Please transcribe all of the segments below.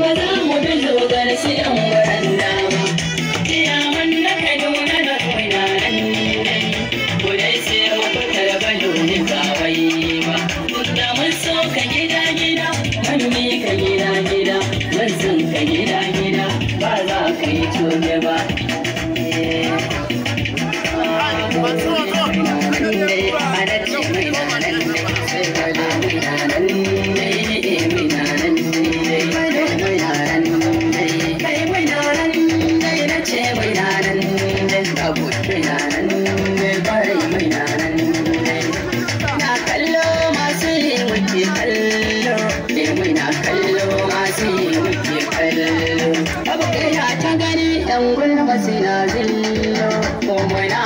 ba za mu bi dogar sai an gwaran Como en na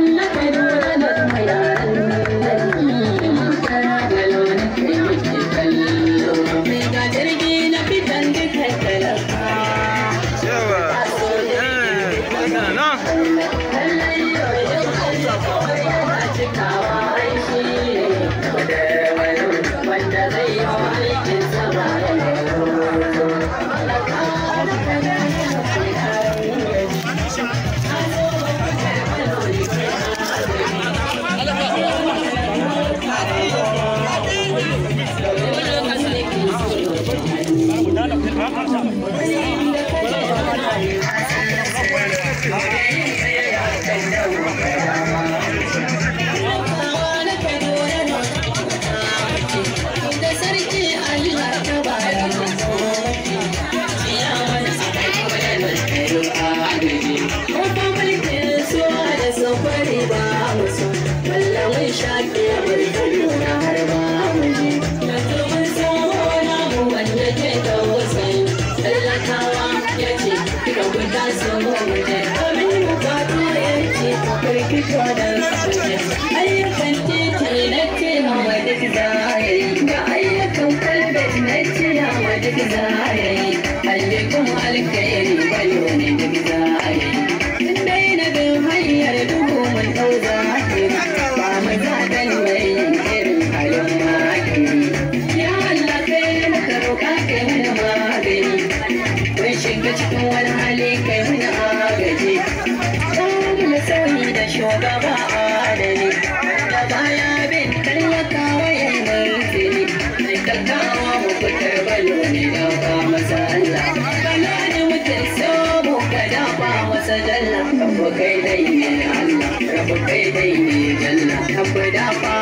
dai ne Allah rabu kai dai ne janna abu da ba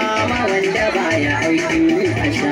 wanda baya aikin asha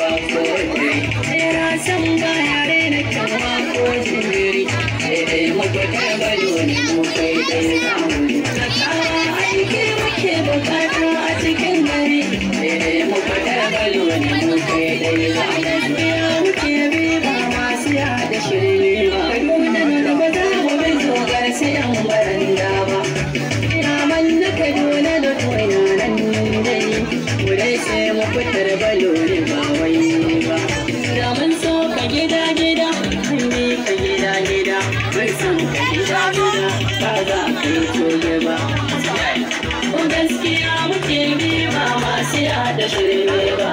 I can't, I can't, I gaskiya muke biyu ba masu yada shirme ba